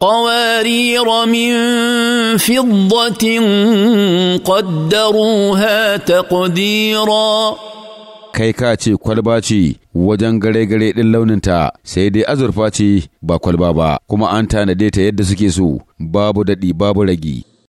قوارير من فضة قدروها تقديرا kai ka ce kwalba ce wajen gare-gare ɗin launinta sai dai azurfa ce ba kwalba ba kuma an tanade ta yadda suke so babu daɗi babu ragi